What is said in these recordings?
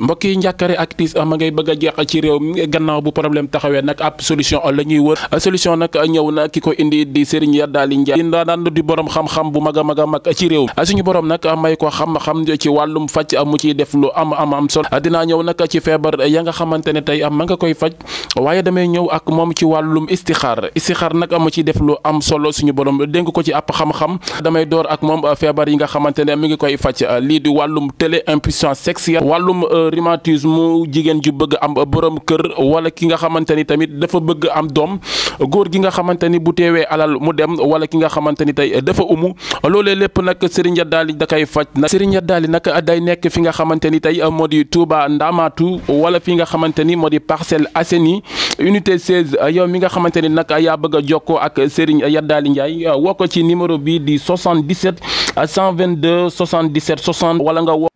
mbokk yi njàkkare ak tiis ah, ma ngay bëgg a jeex ci réew mi gannaaw bu problème taxawee nag ab solution la ñuy wër solution nag ñëw na ki ko indi di Serigne Yadaly Ndiaye di daan di borom xam bu mag a mag mag ci réew ah, suñu borom nag may ko xam-xam ci wàllum faj ah, mu ciy def lu am am solo dinaa ñëw nag ci feebar ya nga xamante ne tey ma nga koy faj waaye damay ñëw ak moom ci wàllum istixaar istixaar nag mu ciy def lu am solo suñu borom dénk ko ci ab xam-xam damay door ak moom feebar yi nga xamante ne mi ngi koy faj lii di wàllum télé impuissance sexuelle wàllum euh, rhumatisme jigéen ju bëgg am borom kër wala ki nga xamante ni tamit dafa bëgg am doom góor gi nga xamante ni bu teewee alal mu dem wala ki nga xamante ni tey dafa umu loole lépp nag Serigne Yadaly da koy faj nag Serigne Yadaly nag day nekk fi nga xamante ni tey moo di Touba ndaamaatu wala fi nga xamante ni moo di Parcelles Assainies unité 16 yow mi nga xamante ni nag yaa bëgg a jokkoo ak Serigne ya Ndiaye njaay ko ci numéro bi di 77 122 77 wala nga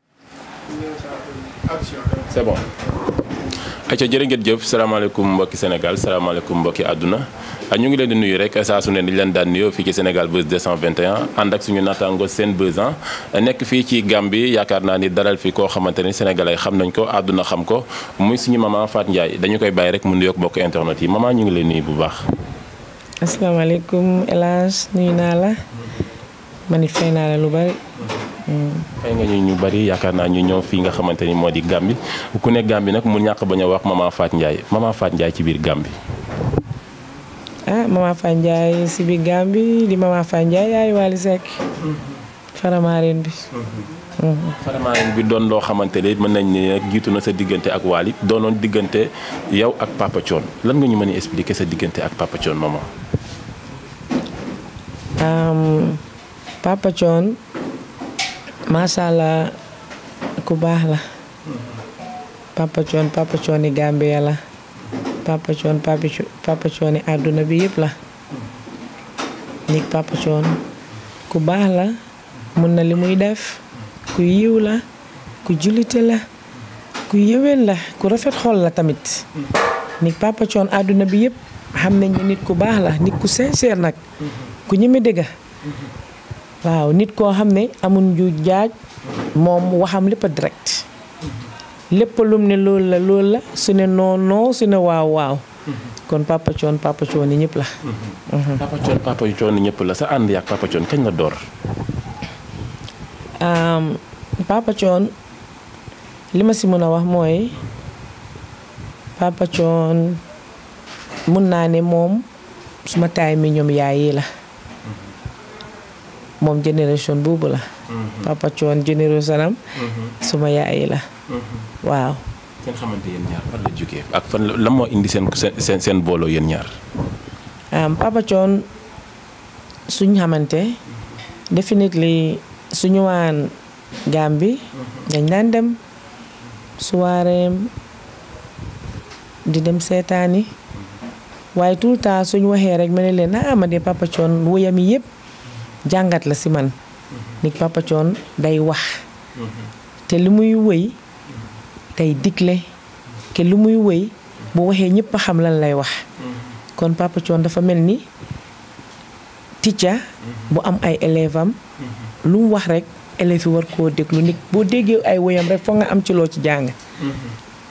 c'est bon. ayca jëf salaamaaleykum mbokki Sénégal salaamaaleykum mbokki àdduna ah, ñu ngi leen di nuyu rek saa su ne ni leen daan nuyoo fii ci Sénégal Buzz 221 ànd ak suñu naataango seen buzz ah. nekk fii ci Gambie yaakaar naa ni daral fi koo xamante ni sénégalais xam nañ ko àdduna xam ko muy suñu maman Fatou Ndiaye dañu koy bàyyi rek mu nuyoog mbokk internet yi maman ñu ngi leen nuyu bu baax. asalaamaaleykum El Hadj nuyu naa la. man it fay naa la lu bari. fay nga ñu ñu bari yaakaar naa ñu ñëw fii nga xamante ni moo di Gàmbi ku ne Gàmbi nag mu ñàkk ba ñu wax Maman Fatou Ndiaye Maman Fatou Ndiaye ci biir Gàmbi. si ah, biir di Maman Fatou mm-hmm. faramaareen bi. Mm-hmm. Mm-hmm. faramaareen bi doon loo xamante ne mën nañ ne nag jiitu na sa diggante ak Wally doonoon diggante yow ak Papa Thione lan nga ñu mën a expliquer sa diggante ak Papa Thione maman. Ah, Papa Thione macha allah ku baax la Papa Thione Papa Thione Gambia la Papa Thione Papa Thione àdduna bi yëpp la nit Papa Thione ku baax la mun na li muy def ku yiw la ku jullite la ku yëwén la ku rafet xol la tamit nit Papa Thione àdduna bi yëpp xam nañ ne nit ku baax la nit ku sincère nag ku ñeme dëgga waaw nit koo xam ne amul njuuj jaaj moom waxam lépp a direct lépp lum ne loolu la loolu la su ne non su ne waaw waaw kon papa coon papa coon yi ñëpp la. Mhm. papa coon ñëpp la sa ànd yaak papa coon kañ la door. papa li ma si mën a wax mooy papa coon mun naa ne moom suma taay mi ñoom yaay yi la. moom génération boobu la. Mhm. papa coon génération am. suma yaay la. Mhm. waaw. seen fan la jógee moo indi seen seen seen booloo yéen ñaar. Um, papa coon suñ xamante. Mhm. definitely suñu waan bi dañ daan dem suwaareem di dem seetaani waaye tout le temps suñu waxee rek ma ne leen ah ma de papa coon wóyam yi yëpp. jàngat la si man ni Papa Thione day wax te lu muy wëy tey digle ke lu muy wëy bu waxee ñëpp a xam lan lay wax kon Papa dafa mel ni ticca bu am ay élève am lu wax rek élève yi war koo déglu nit boo déggee ay woyam rek foog nga am ci loo ci jàng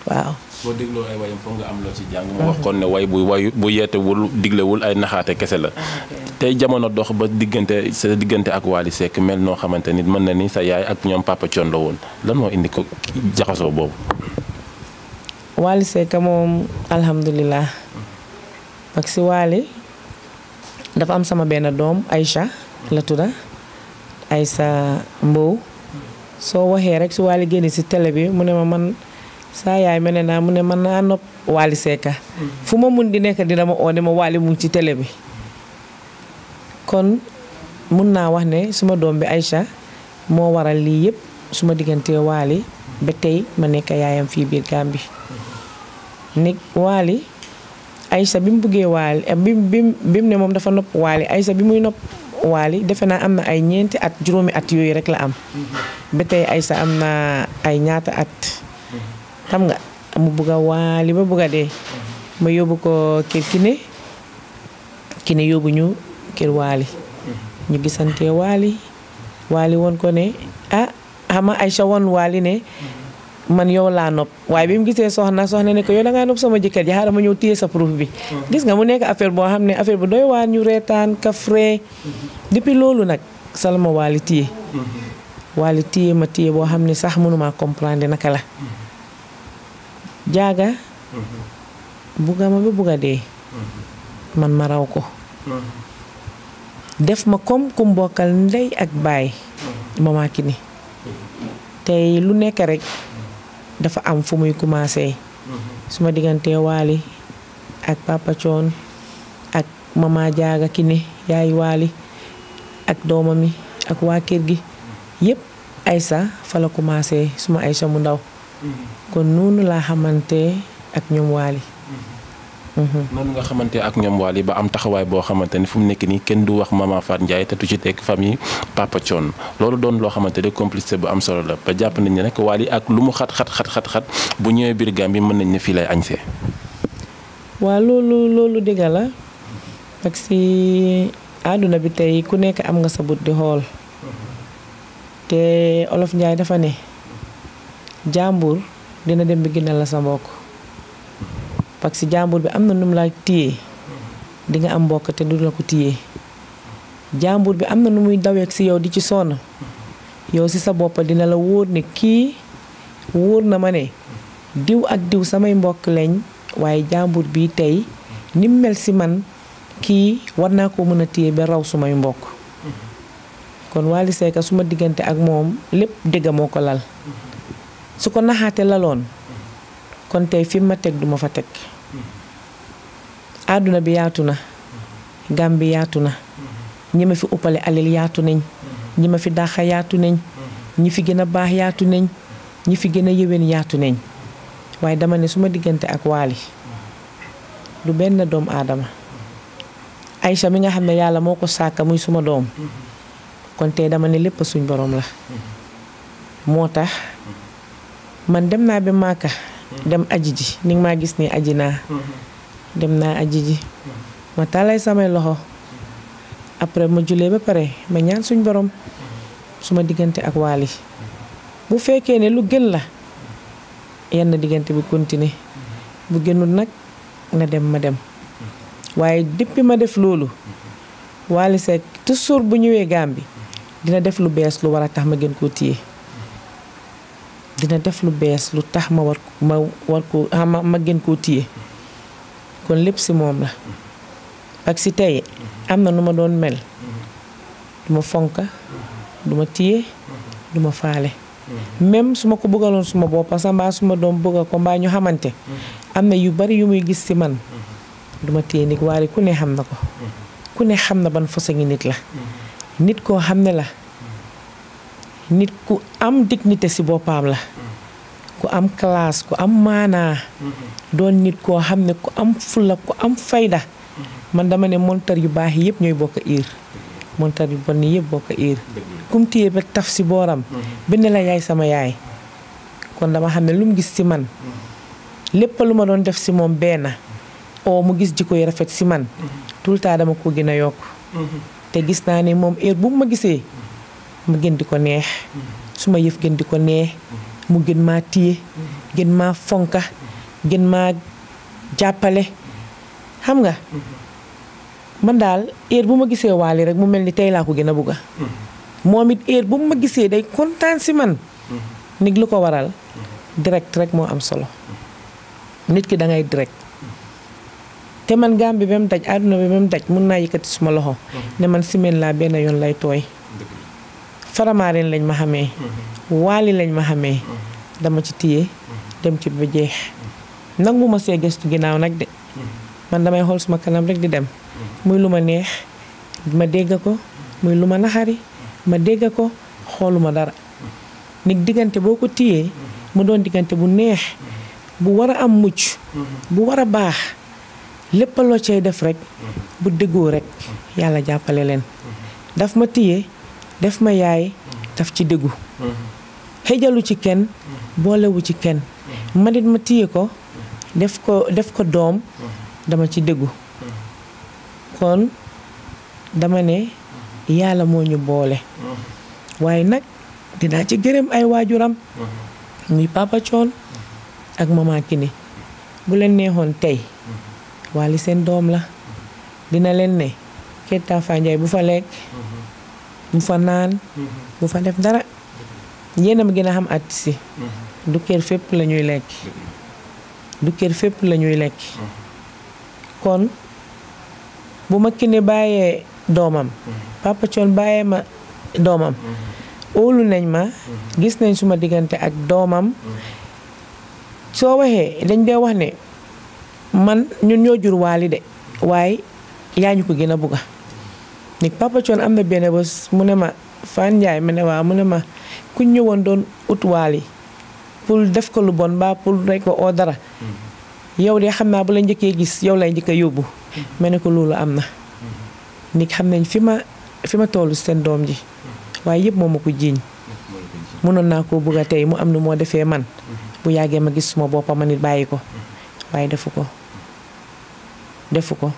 waaw. boo dégloo am loo ci jàng mu wax kon ne way bu wayu bu yeetewul diglewul ay naxaate kese la tey jamono dox ba diggante sa diggante ak Wally Seck mel noo xamante nit mën na ni sa yaay ak ñoom Papa Thion la woon lan moo indi ko jaxasoo boobu Wally Seck moom alhamdulilah parce que si Wally dafa am sama benn doom ay la tudda soo waxee rek si Wally génne si télé bi mu ne ma man saa yaay ma ne naa mu ne man naa nopp Wally Seck fu ma mun di nekk dina ma oo ne ma Wally mu ci tele bi kon mun naa wax ne suma doom bi Aïcha moo waral lii yëpp suma diggante Wally ba tey ma nekk yaayam fii biir Gambie bi mu buggee Wally eh, bi mu bi mu moom dafa nopp Wally Aïcha bi muy nopp Wally defe naa am na ay ñeenti at juróomi at yooyu rek la am mm-hmm. ba tey Aïcha am naa ay ñaata at xam nga mu bugg a waali ba bugg a dee ma yóbbu ko kër kine kine yóbbu ñu kër waali ñu gisante waali waali woon ko ne ah xama Aïcha woon waali ne man yow laa nopp waaye bi mu gisee soxna soxna ne ko yow da ngaa sama jëkkër ji ma ñëw téye sa preuve bi gis nga mu nekk affaire boo xam ne affaire bu doy waa ñu reetaan kafre depuis loolu nag salma waali téye waali téye ma téye boo xam ne sax mënumaa comprendre naka la jaaga mm-hmm. bugga ma ba bugga dee mm-hmm. man ma raw ko mm-hmm. def ma comme kum bokkal ndey ak baay Mama ni tey lu nekk rek dafa am fu muy commencé suma diggante waali ak papa coon ak mama jaaga Kine yaay waali ak doomam yi ak waa kër gi yépp Aïssa fa la commencé suma Aïssa mu ndaw kon noonu laa xamante ak ñoom waali mhm. mhm. nga xamante ak ñoom waali ba am taxawaay boo xamante ni fu mu nekk nii kenn du wax maman Fatou te tu ci teg famille Papa Thione loolu doon loo xamante ne complicité bu am solo la ba jàpp nañ ne rek waali ak lu mu xat xat xat xat xat bu ñëwee biir bi mën nañ ne fii lay añsee. waaw loolu loolu dëgg la ak si àdduna bi tey ku nekk am nga sa bët di xool mhm. te Olof Ndiaye dafa ne. jàmbur dina dem bi gënal la sa mbokk parce que jàmbur bi am na nu mu la téye di am mbokk te du jàmbur bi am na nu muy daweek si yow di ci sonn yow si sa bopp dina la wóor ne kii wóor na ma ne diw ak diw samay mbokk lañ waaye jàmbur bi tey ni mel si man kii war naa ko mën a téye ba raw sumay mbokk kon Wally suma diggante ak moom lépp dëgg ko lal su ko naxaate laloon kon tey fi ma teg duma fa teg àdduna bi yaatu na gàm bi yaatu na ñi ma fi uppale alil yaatu nañ ñi ma fi dàqa yaatu nañ ñi fi gën a baax yaatu nañ ñi fi gën a yéwén yaatu nañ waaye dama ne suma diggante ak waali du benn doomu aadama Aïcha mi nga xam ne yàlla moo ko sàkka muy suma doom kon tey dama ne lépp suñ boroom la moo tax man dem naa bi Màkka. dem aji ji ni maa gis ni aji naa. Mm-hmm. dem naa aji ji. Mm-hmm. ma taalay samay loxo. Mm-hmm. après ma julee ba pare ma ñaan suñ borom. suma diggante ak waali. bu fekkee ne lu gën la. yenn diggante bi continuer. bu gënul nag na dem ma dem. waaye depuis ma def loolu. waali Seck toujours bu ñëwee bi dina def lu bees lu war a tax ma gën koo téye. dina def lu bees lu tax ma war ma war ko ah, ma ma gën koo téye kon lépp si moom la ak si tey am na nu ma doon mel duma fonka duma téye duma faale même su ma ko buggaloon suma boppa sax mbaa suma doom bëgga ko mbaa ñu xamante am na yu bari yu muy gis ci man duma téye nit waaye ku ne xam na ko ku ne xam na ban façon ngi nit la nit koo xam ne la nit ku am dignité ci boppam la ku am classe ku am maanaa doon nit koo xam ne ku am fulla ku am fayda man dama ne montar yu baax yëpp ñooy bokk iir montar yu bon yëpp bokk iir kum téye ba taf ci booram bind la yaay sama yaay kon dama xam ne lu mu gis ci man lépp lu ma doon def ci moom benn oo mu gis jikko yi rafet ci man tout le temps dama ko gën a yokk te gis naa ne moom heure bu ma gisee mu gën di ko neex suma yëf gën di ko neex mu gën maa téye gën maa fonka gën maa jàppale xam nga man daal heure bu ma gisee waali rek mu mel ni tey laa ko gën a bugga moom it heure bu ma gisee day kontaan si man nit lu ko waral direct rek moo am solo nit ki da ngay direct te man gaam bi ba mu daj àdduna bi ba mu daj mun naa yëkkati suma loxo ne man semaine laa benn yoon lay tooy faramaareen lañ ma xamee mm-hmm. waali lañ ma xamee mm-hmm. dama ci téye mm-hmm. dem ci ba jeex nangu ma see gëstu ginnaaw nag de man damay xool suma kanam rek di dem muy lu ma neex ma dégg ko muy lu ma naxari ma dégg ko xooluma dara nit diggante boo ko tiyee mu doon diggante bu neex bu war a am mucc bu war a baax lépp loo cay def rekk bu déggoo rek yàlla jàppale leen daf ma téye def ma yaay daf ci dëggu xëjalu ci kenn boolewu ci kenn man ma tiye ko def ko def ko doom dama ci dëggu kon dama ne yàlla moo ñu boole waaye nag dinaa ci gërëm ay waajuram muy papa coon ak mama ni bu leen neexoon tey waali seen doom la dina leen ne Keita Fa Njaay bu fa lekk bu fa naan bu fa def dara yéen a gën a xam artiste yi mm-hmm. du kër fépp la ñuy lekk du fépp la ñuy lekk mm-hmm. kon bu ma Kiné bàyyee doomam mm-hmm. Papa Thione bàyyee ma doomam óolu nañ ma gis nañ suma diggante ak doomam soo waxee dañ dee wax ne man ñun ñoo jur waali de waaye yaa ñu ko gën a bugga léegi Papa am na benn bés mu ne ma Fane Ndiaye mu ne waaw mu ne ma ku ñëwoon doon ut waal def ko lu bon baa pour rek ko oo dara mm-hmm. yow de xam naa bu la njëkkee gis yow lay njëkk a yóbbu mm-hmm. ma ne ko loolu am na mm-hmm. ni xam nañ fi ma fi ma toll seen doom ji waaye yëpp moom ma ko jiiñ mënoon naa ko bëgg a tey mu am nu moo defee man bu yàggee ma gis suma boppam ma nit bàyyi ko waaye defu ko defu ko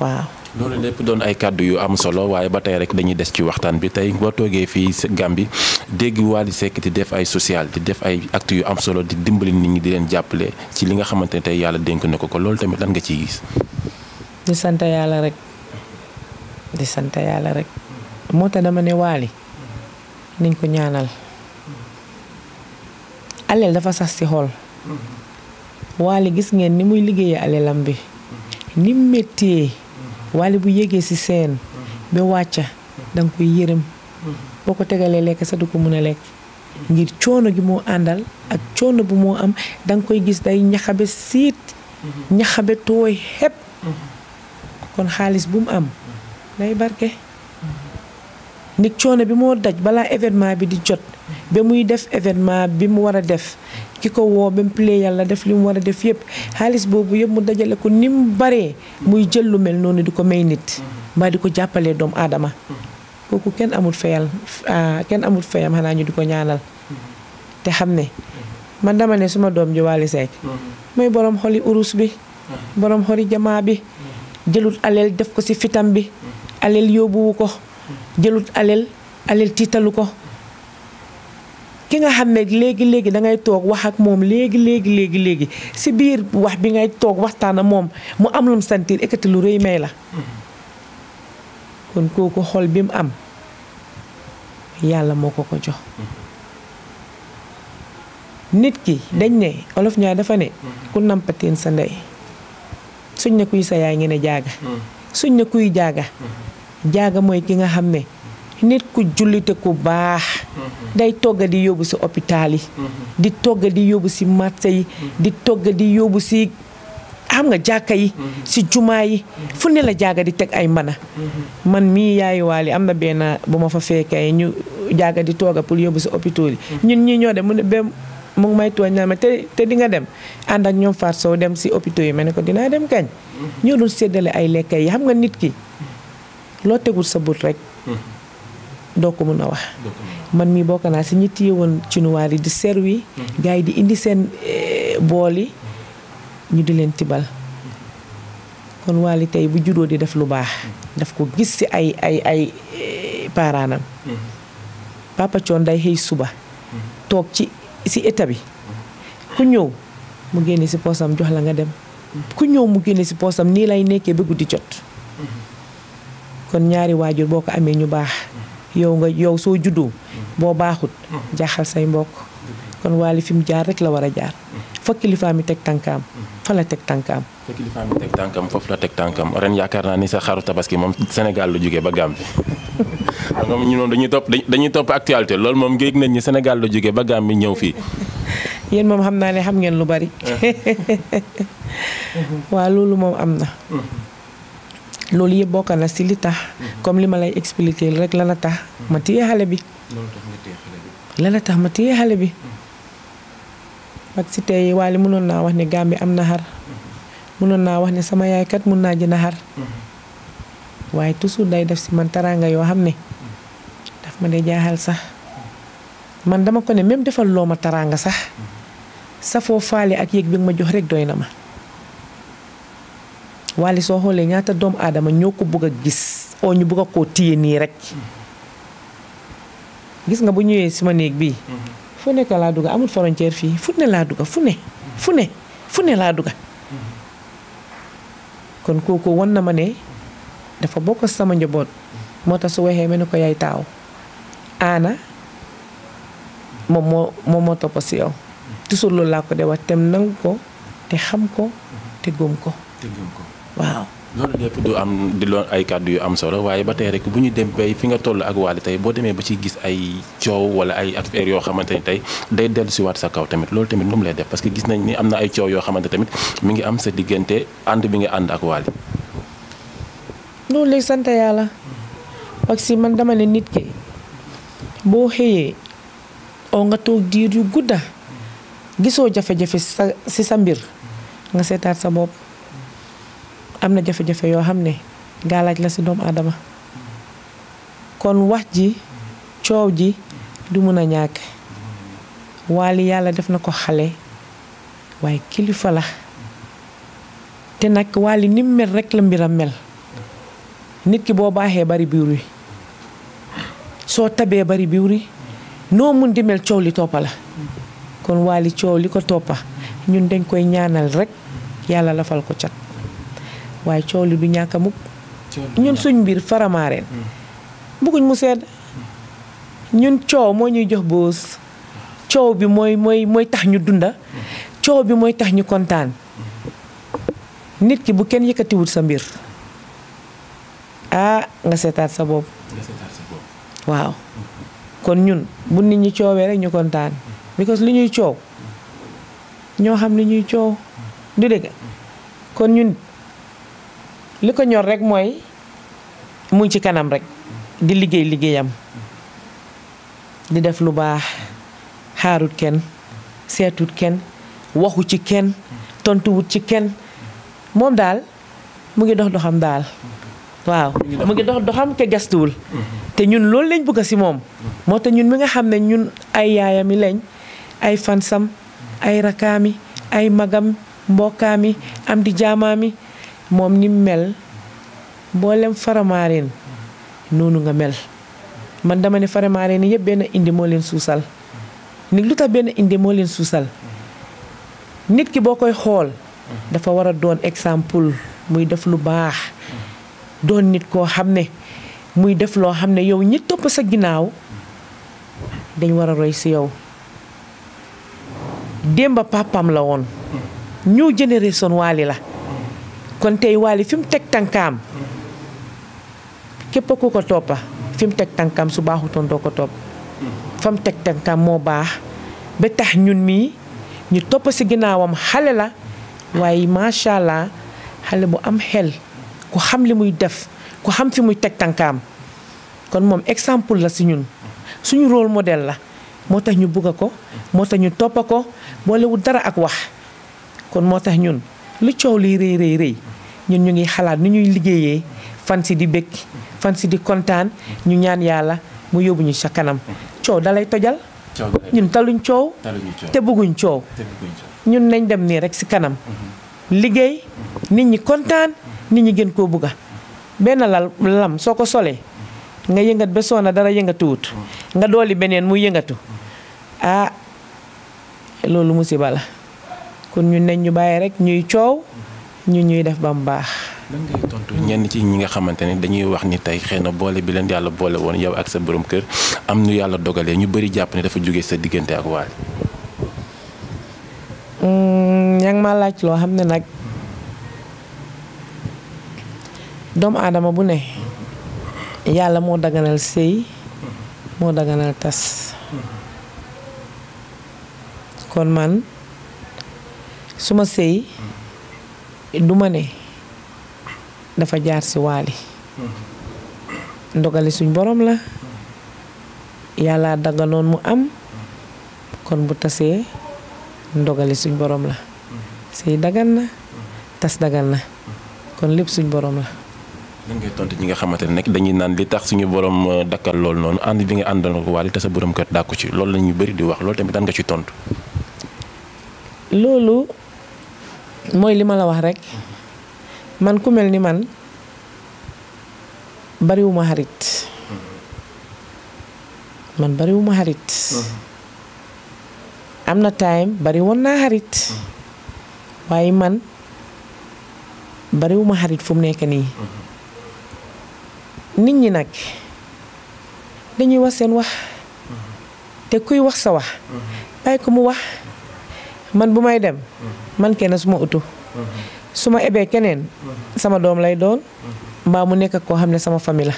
waaw loolu lépp doon ay kàddu yu am solo waaye ba tey rek dañuy des ci waxtaan bi tey boo toogee fii Gàmbi dégg Wally Seck di def ay social di def ay actes yu am solo di dimbali nit ñi di leen jàppale ci li nga xamante ne tey yàlla dénk na ko ko loolu tamit lan nga ciy gis. di sant yàlla rek di sant yàlla rek moo tax dama ne Wally niñ ko ñaanal aleel dafa sas ci xool Wally gis ngeen ni muy liggéeyee alelam bi ni mu wala bu yégee si seen ba wàcca danga koy yërëm boo ko tegalee lekk sa du ko mën a lekk ngir coono gi moo àndal ak coono bu moo am danga koy gis day ñaxabe siit ñaxabe tooy xepp kon xaalis bu mu am day barke nit coono bi moo daj balaa événement bi di jot ba muy def événement bi mu war a def ki ko woo ba mu play yàlla def li war a def yëpp xaalis boobu yëpp mu dajale ko ni mu baree muy jël lu mel noonu di ko may nit mbaa di ko jàppalee doom aadama kooku kenn amul fayal ah, kenn amul fayam xanaa ñu di ko ñaanal te xam ne man dama ne suma doom ji Wally mooy borom xoli urus bi borom xoli jamaa bi jëlut aleel def ko ci fitam bi aleel yóbbuwu ko jëlut aleel aleel tiitalu ko ki nga xam ne léegi léegi dangay toog wax ak moom léegi léegi léegi léegi si biir wax bi ngay toog waxtaan ak moom mu am lu mu sentir ekkati lu réy may la. kon ko xol bi mu am yàlla moo ko ko jox. nit ki dañ ne olof ñaa dafa ne. ku nampateen sa ndey. suñ ne kuy sa yaay ngeen ne jaaga. suñ ne kuy jaaga. jaaga mooy ki nga xam ne. nit ku jullite ku baax mm-hmm. day togga di yóbbu si hôpital yi mm-hmm. di togga di yóbbu si marché yi mm-hmm. di togga di yóbbu si xam nga jàkka yi si jumaa yi fu ne la jaaga di teg ay mana man mii yaayuwaal yi am na benn bu ma fa fekkee ñu jaaga di tooga pour yóbbu si hôpitaux yi ñun ñi ñoo dem mu ne ba mu ngi may tooñ naa ma te te di nga dem ànd ak ñoom Fatou soo dem si hôpitaux yi ma ne ko dinaa dem kañ ñoo doon séddale ay lekka yi xam nga nit ki loo tegul sa but rek doo ko mun a wax man mii bokk naa si ñi téye woon ci nuwaar yi di serwi gars yi di indi seen eh, bool yi ñu di leen tibal kon Wally tey bu juddoo di def lu baax daf ko gis si ay ay ay eh, paaraanam papa coon day xëy suba toog ci si état bi ku ñëw mu génne si poosam jox la nga dem ku ñëw mu génne si poosam nii lay nekkee ba guddi jot kon ñaari waajur boo ko amee ñu baax yow nga yow soo juddoo boo baaxut jaaxal say mbokk kon waali fi mu jaar rek la war a jaar fokk kilifaam yi teg tànkaam fa la teg tànkaam fa kilifaam yi foofu la teg tànkaam ren yaakaar naa ni sa xaru tabaski moom Sénégal lu jógee ba Gambie moom ñu noonu dañuy topp dañuy topp actualité loolu moom géej nañ ñi Sénégal la jógee ba bi ñëw fii yéen moom xam naa ne xam ngeen lu bari waa loolu moom am na mm-hmm. loolu yëpp bokk na si li tax. comme li ma lay expliquer rek lan a tax ma téye xale bi. lan tax ma téye xale bi. parce si tey waale mënoon naa wax ne Gambie am na xar. mënoon naa wax ne sama yaay mun naa jënd xar. waaye toujours day def si man taraanga yoo xam ne. daf ma dee jaaxal sax. man dama ko ne même defal loo ma taraanga sax. safoo faale ak yëg bi ma jox rek doy na ma. Wally soo xoolee ñaata doomu aadama ñoo ko bugg a gis oo ñu bëgg a koo téye nii rek gis nga bu ñëwee suma néeg bii. Mm-hmm. fu nekk laa dugg amul frontière fii fu ne laa dugg fu ne fu ne fu laa dugg mm-hmm. kon kooku won na ma ne dafa bokk sama njaboot mm-hmm. moo tax su waxee mel ni ko yaay taaw aana moom moo moom moo topp si yow toujours laa ko de wax tem nangu ko te xam ko te ko. te gëm ko. waaw. loolu lépp du am di loon ay kàddu yu am solo waaye ba tey rek bu ñu dem bay fi nga toll ak Wally tey boo demee ba ci gis ay coow wala ay affaire yoo xamante ni tey day dellu si sa kaw tamit loolu tamit nu mu lay parce que gis nañ ni am na ay coow yoo xamante tamit ngi am sa diggante ànd bi nga ànd ak Wally. loolu léegi sant yàlla man dama nit ki boo xëyee oo nga toog diir yu gudda gisoo jafe-jafe sa si sa mbir nga seetaat sa bopp. am na jafe-jafe yoo xam ne gaalaaj la ci doomu aadama kon wax ji coow ji du mën a ñàkk waali yàlla def na ko xale waaye kilifa la te nag waali ni mu mel rek la mbiram mel nit ki boo baaxee bari biir yi soo tabee bari biir yi noo mën di mel coow li toppa la kon waali coow li ko toppa ñun dañ koy ñaanal rekk yàlla lafal ko cat waaye coow li du ñàkk a mukk ñun suñ mbir faramaareen hmm. bëgguñ mu sedd hmm. ñun coow moo ñuy jox boos coow bi mooy mooy tax ñu dunda hmm. coow bi mooy tax ñu kontaan nit ki bu kenn yëkkatiwul sa mbir ah nga seetaat sa bopp waaw kon ñun bu nit ñi coowee rek ñu kontaan because li ñuy coow ñoo xam li ñuy coow du dëgg kon ñun li ko ñor rekk mooy mu ci kanam rekk di liggéey liggéeyam di def lu baax xaarut kenn seetut kenn waxu ci kenn tontuwut ci kenn moom daal mu ngi dox doxam daal waaw mu ngi dox doxam te gastuwul te ñun loolu lañ bëgg si moom moo tax ñun mi nga xam ne ñun ay yaayami lañ ay fansam ay rakaami ay magam mbokkaami am di jaamaami moom ni mel mboolem faramaareen noonu nga mel man dama ne faramaareen yëpp benn indi moo leen suusal ni lu tax benn indi moo suusal nit ki boo koy xool dafa war a doon exemple muy def lu baax doon nit koo xam ne muy def loo xam ne yow ñi topp sa ginnaaw dañ war a roy si yow démba papam la woon ñu génération waali la kon tey Wally fi mu teg tànkaam képp ku ko toppa fi teg tànkaam su baaxutoon doo ko topp fa mu teg tànkaam moo baax ba tax ñun mii ñu topp si ginnaawam xale la waaye macha allah xale bu am xel ku xam li muy def ku xam fi muy teg tànkaam kon moom exemple la si ñun suñu rôle modèle la moo tax ñu bugg ko moo tax ñu toppa ko boolewul dara ak wax kon moo tax ñun lu coow lii rëy rëy rëy ñu ñu ngi xalaat nu ñuy liggéeyee fan si di bëgg fan si di kontaan ñu ñaan yàlla mu yóbbu ñu sa kanam coow dalay tojal ñun taluñ coow te bëgguñ coow ñun nañ dem nii rek si kanam mm-hmm. liggéey nit ñi kontaan nit ñi gën koo bugga benn lal lam soo ko solee nga yëngat ba na dara yëngatuwut mm-hmm. nga dooli beneen mu yëngatu ah loolu musiba la kon ñun nañ ñu bàyyi rek ñuy coow ñu ñuy def ba mu baax. lan ñenn ci ñi nga xamante ni dañuy wax ni tey xëy na boole bi leen yàlla boole woon yow ak sa borom kër am nu yàlla dogalee ñu bari jàpp ne dafa jóge sa diggante ak Wally. yaa mm, ma laaj loo xam ne nag doomu aadama bu ne yàlla moo daganal sëy moo daganal tas kon man su ma sëy. du ma ne dafa jaar si waali ndogali suñ boroom la yàlla daggaloon mu am kon bu tasee ndogali suñ boroom la sëy dagan na tas dagan na kon lépp suñ borom la lan ngay tontu ñi nga xamante ne nag dañuy naan li tax suñu borom euh, dakkal loolu noonu ànd bi nga àndal ko waali te sa borom kër dàkku ci loolu la ñuy bëri di wax loolu tamit daan nga ci tontu loolu mooy li ma la wax rek man ku mel ni man bariwuma xarit man bariwuma xarit am na time bari woon xarit waaye man bariwuma xarit fu mu nekk nii nit ñi nag dañuy wax seen wax te kuy wax sa wax bàyyi ko mu wax man bu may dem man kenn su ma utu su ma ebee keneen sama doom lay doon mbaa mu nekk koo xam ne sama famille la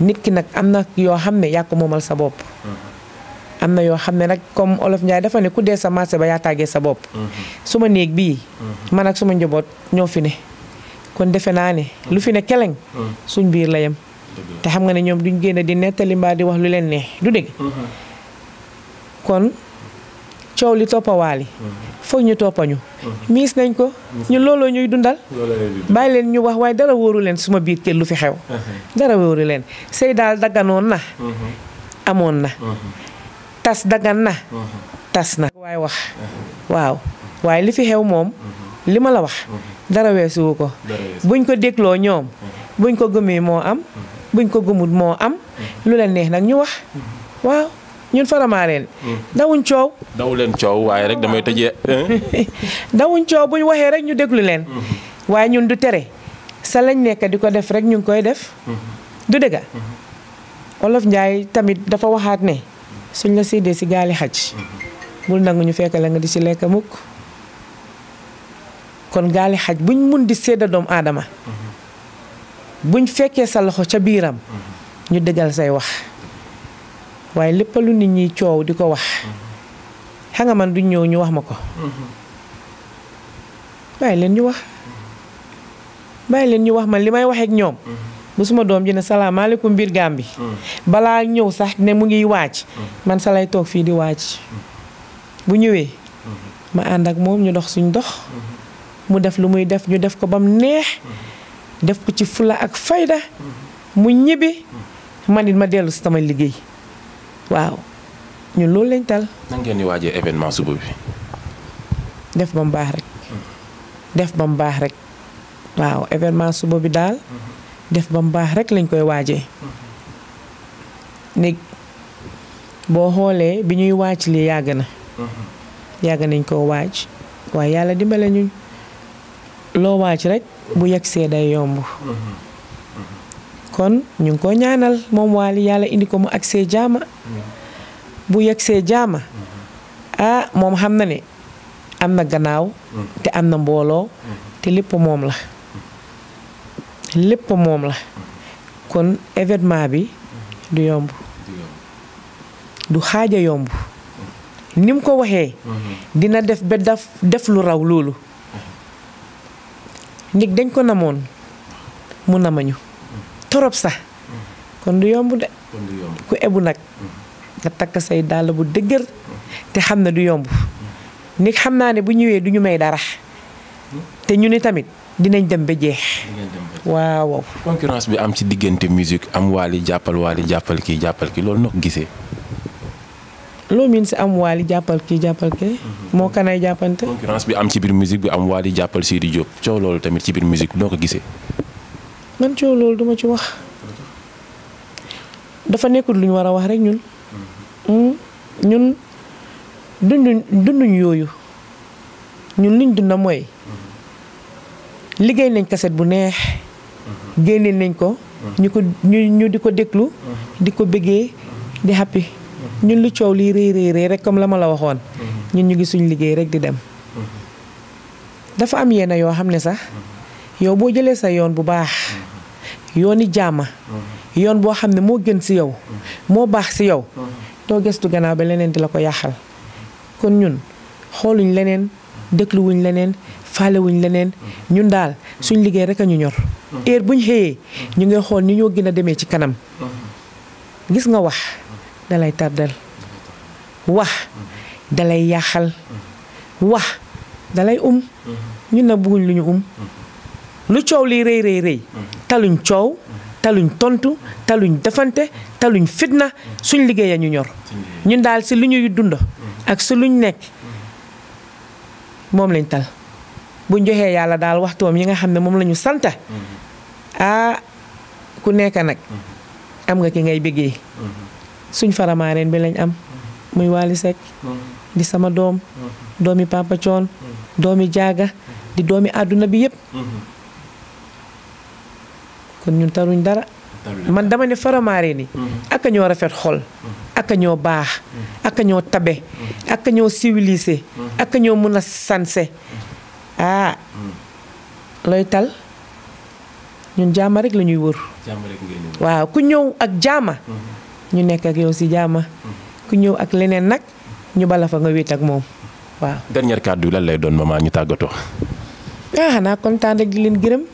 nit ki nag am na yoo xam ne yaa ko moomal sa bopp am na yoo xam ne nag comme olof Ndiaye dafa ne ku dee sa marché ba yaa tàggee sa bopp su ma néeg bii man ak suma njaboot ñoo fi ne kon defe naa ne lu fi ne keleng suñ biir la yem te xam nga ne ñoom duñ génn di nettali mbaa di wax lu leen neex du dégg kon coow li toppawaali foog ñu toppañu miis nañ ko ñu looloo ñuy dundal bàyyi leen ñu wax waaye dara wóoru leen suma biir kër lu fi xew uh-huh. dara wóoru leen sëy daal dagganoon na uh-huh. amoon na uh-huh. tas daggan na tas na waaye wax waaw waaye li fi xew moom li ma la wax dara weesuwu ko buñ ko dégloo ñoom buñ ko gëmee moo am buñ ko gëmut moo am lu la neex nag ñu wax waaw ñun Faramareen hmm. dawuñ coow. dawu leen coow waaye rek damay tëjee. dawuñ coow buñ waxee rek ñu déglu leen. Hmm. waaye ñun du tere sa lañ nekk di ko def rek ñu ngi koy def. Hmm. du dëgg. olof Njaay tamit dafa waxaat ne suñ la seddee si gaali xaj. bul nangu ñu fekk la nga di ci lekk mukk kon gaali xaj buñ mun di sédda doomu aadama buñ fekkee sa loxo ca biiram ñu dëggal say wax. waaye lépp nit ñi coow di ko wax xam man duñ ñëw ñu wax ma ko bàyyi leen ñu wax bàyyi leen ñu wax ma li may waxeek ñoom bu suma doom ji ne mbir biir bi balaa ñëw sax ne mu ngiy waaj man sa lay toog fii di waaj bu ñëwee ma ànd ak moom ñu dox suñ dox mu def lu muy def ñu def ko ba mu neex def ko ci fula ak fayda mu ñibbi man ma dellu si sama liggéey waaw ñun loolu lañ tal. nan ngeen di waajee événement suba bi. def ba mu baax rek. def ba mu baax rek. waaw événement suba bi daal. def ba mu baax rek lañ koy waajee. léegi boo xoolee bi ñuy waaj li yàgg na. yàgg nañ koo waaj. waaye yàlla dimbale ñu loo waaj rek bu yegg see day yomb. kon ñu ngi ko ñaanal moom Wally yàlla indi ko mu agsee jaama bu yegsee jaama ah moom xam na ne am na gannaaw te am na mbooloo te lépp moom la lépp moom la kon événement bi du yomb du xaaja yomb ni mu ko waxee dina def ba daf def lu raw loolu nit dañ ko namoon mu namañu torop sax kon du yomb de ku ebu nag nga takk say dàll bu dëgër te xam na du yomb nit xam naa ne bu ñëwee du ñu may dara te ñu ni tamit dinañ dem ba jeex waaw waaw concurrence bi am ci diggante musique am waali jàppal waali jàppal kii jàppal kii loolu noo ko gisee loo miin si am waali jàppal kii jàppal kii mhm. moo kanay jàppante concurrence bi am ci biir musique bi am waali jàppal Sidy Diop coow loolu tamit ci biir musique bi noo ko gisee man coow loolu duma ci wax dafa nekkul luñ war a wax rek ñun hmm? ñun dunduñ dunduñ yooyu ñun liñ dunda mooy liggéey nañ kaset bu neex génne nañ ko ñu ko ñu ñu di ko déglu di ko bëggee di happy ñun lu coow lii rëy rëy rëy rek comme la ma la waxoon ñun ñu ngi suñ liggéey rek di dem dafa am yenn yoo xam ne sax yow boo jëlee sa yoon bu baax yoon yi jaama yoon boo xam ne moo gën si yow moo baax si yow doo gestu gannaaw bi leneen di la ko yàqal kon ñun xooluñ leneen dégluwuñ leneen faalewuñ leneen ñun daal suñ liggéey rek a ñu ñor heure buñ xëyee ñu ngay xool ñu ñoo gën a demee ci kanam gis nga wax dalay tardal wax dalay yàqal wax dalay um ñun na bëgguñ lu ñu um lu coow lii rëy rëy rëy taluñ coow taluñ tontu taluñ defante taluñ fitna suñ liggéeyee ñu ñor ñun daal si lu ñuy dund ak si luñ nekk moom lañ tal buñ joxee yàlla daal waxtoom yi nga xam ne moom la sant ah ku nekk nag am nga ki ngay bëggee suñ faramaareen bi lañ am muy Wally Seck di sama doom doomi Papa doomi jaaga di doomi àdduna bi yépp kon ñun taruñ dara. man dama ne faramaare ni mm-hmm. ak ñoo rafet xol. Mm-hmm. ak ñoo baax. Mm-hmm. ak ñoo tabe. ak ñoo civilisé. ak ñoo mën a sanse ah. looy tal ñun jaama rek la ñuy wër. waaw ku ñëw ak jaama. ñu nekk ak yow si jaama. ku ñëw ak leneen nag ñu bala fa nga wéet ak moom waaw. dernier kàddu lan lay doon maman ñu tàggatoo. ah xanaa kontaan rek leen gërëm.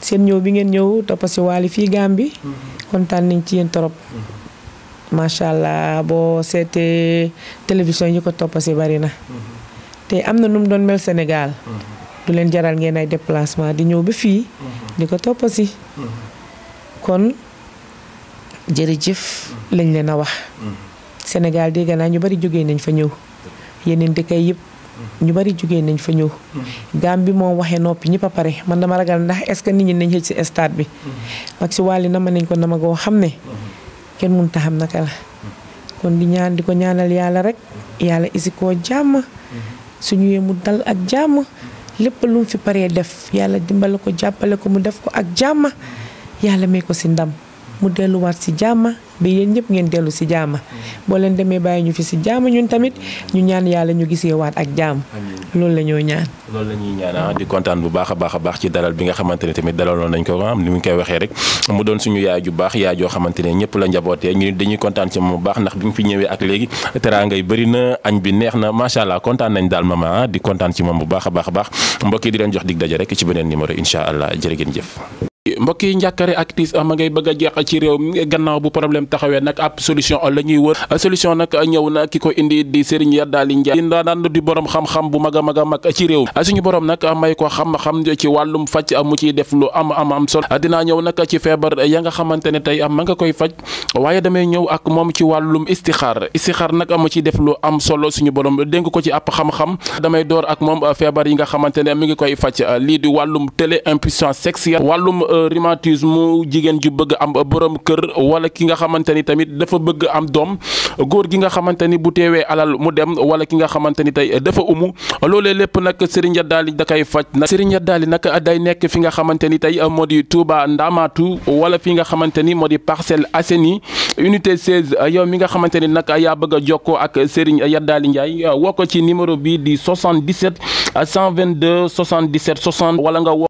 seen ñëw bi ngeen ñëw toppa si waali fii bi mm-hmm. kontaan nañ ci yéen torop macha mm-hmm. allah boo seetee télévision yi ko toppa si bari na mm-hmm. te am na nu mu doon mel Sénégal du leen jaral ngeen ay déplacement di ñëw ba fii di ko toppa si kon jërëjëf lañ leen a wax Sénégal dégg naa ñu bari jógee nañ fa ñëw yeneen dëkk yëpp ñu bari jugee nañ fa ñëw. gaam bi moom waxee noppi ñëpp a pare man dama ragal ndax est ce que nit ñi nañ xëj si stade bi. parce que wàlli nama nañ ko nama goo xam ne. kenn mënut a xam naka la. kon di ñaan di ko ñaanal yàlla rek yàlla isi koo jàmm. su ñëwee mu dal ak jàmm. lépp lu mu fi paree def yàlla dimbale ko jàppale ko mu def ko ak jàmm. yàlla may ko si ndam mu delluwaat si jàmm ba yéen ñëpp ngeen dellu si jàmm boo leen demee bàyyi ñu fi si jàmm ñun tamit ñu ñaan yàlla ñu gisee waat ak jàmm loolu la ñoo ñaan loolu la ñuy ñaan ah, di kontaan bu baax a baax a baax ci dalal bi nga xamante ne tamit dalaloon nañ ko am ah, ni mu koy waxee rek mu doon suñu yaay ju baax yaay joo xamante ne ñëpp la njabootee ñu dañuy kontaan ci moom bu baax ndax bi mu fi ñëwee ak léegi teraanga yi bëri na añ bi neex na macha allah kontaan nañ daal mama ah, di kontaan ci moom bu baax a baax a baax mbokk yi di leen jox ci beneen numéro incha allah jërë ngeen jëf mbokk yi njàkkare ak tiis ah, ma ngay bëgg a jeex ci réew mi gannaaw bu problème taxawee nag ab solution ah, la ñuy wër ah, solution nag ñëw na ki ko indi di Serigne Yadaly Ndiaye di ndaanaan di borom xam-xam bu mag a mag a mag ci réew mi suñu borom nag may ko xam-xam ci wàllum faj mu ciy def lu am am am solo dinaa ñëw nag ci feebar ya nga xamante ne tey ma nga koy faj waaye damay ñëw ak moom ci wàllum istixaar istixaar nag mu ciy def lu am solo suñu borom dénk ko ci ab xam-xam damay door ak moom feebar yi nga xamante ne mi ngi koy faj lii di wàllum télé impuissance sexuelle wàllum euh, mu jigéen ju bëgg am borom kër wala ki nga xamante ni tamit dafa bëgg am doom góor gi nga xamante ni bu teewee alal mu dem wala ki nga xamante ni tey dafa umu loole lépp nag Serigne Yadaly da koy faj nag Serigne Yadaly nag day nekk fi nga xamante ni tey moo di Touba ndaamaatu wala fi nga xamante ni moo di Parcelles Assainies unité 16 yow mi nga xamante ni nag yaa bëgg a jokkoo ak Serigne Yadaly Ndiaye woo ko ci numéro bi di 77 122 77 60 wala nga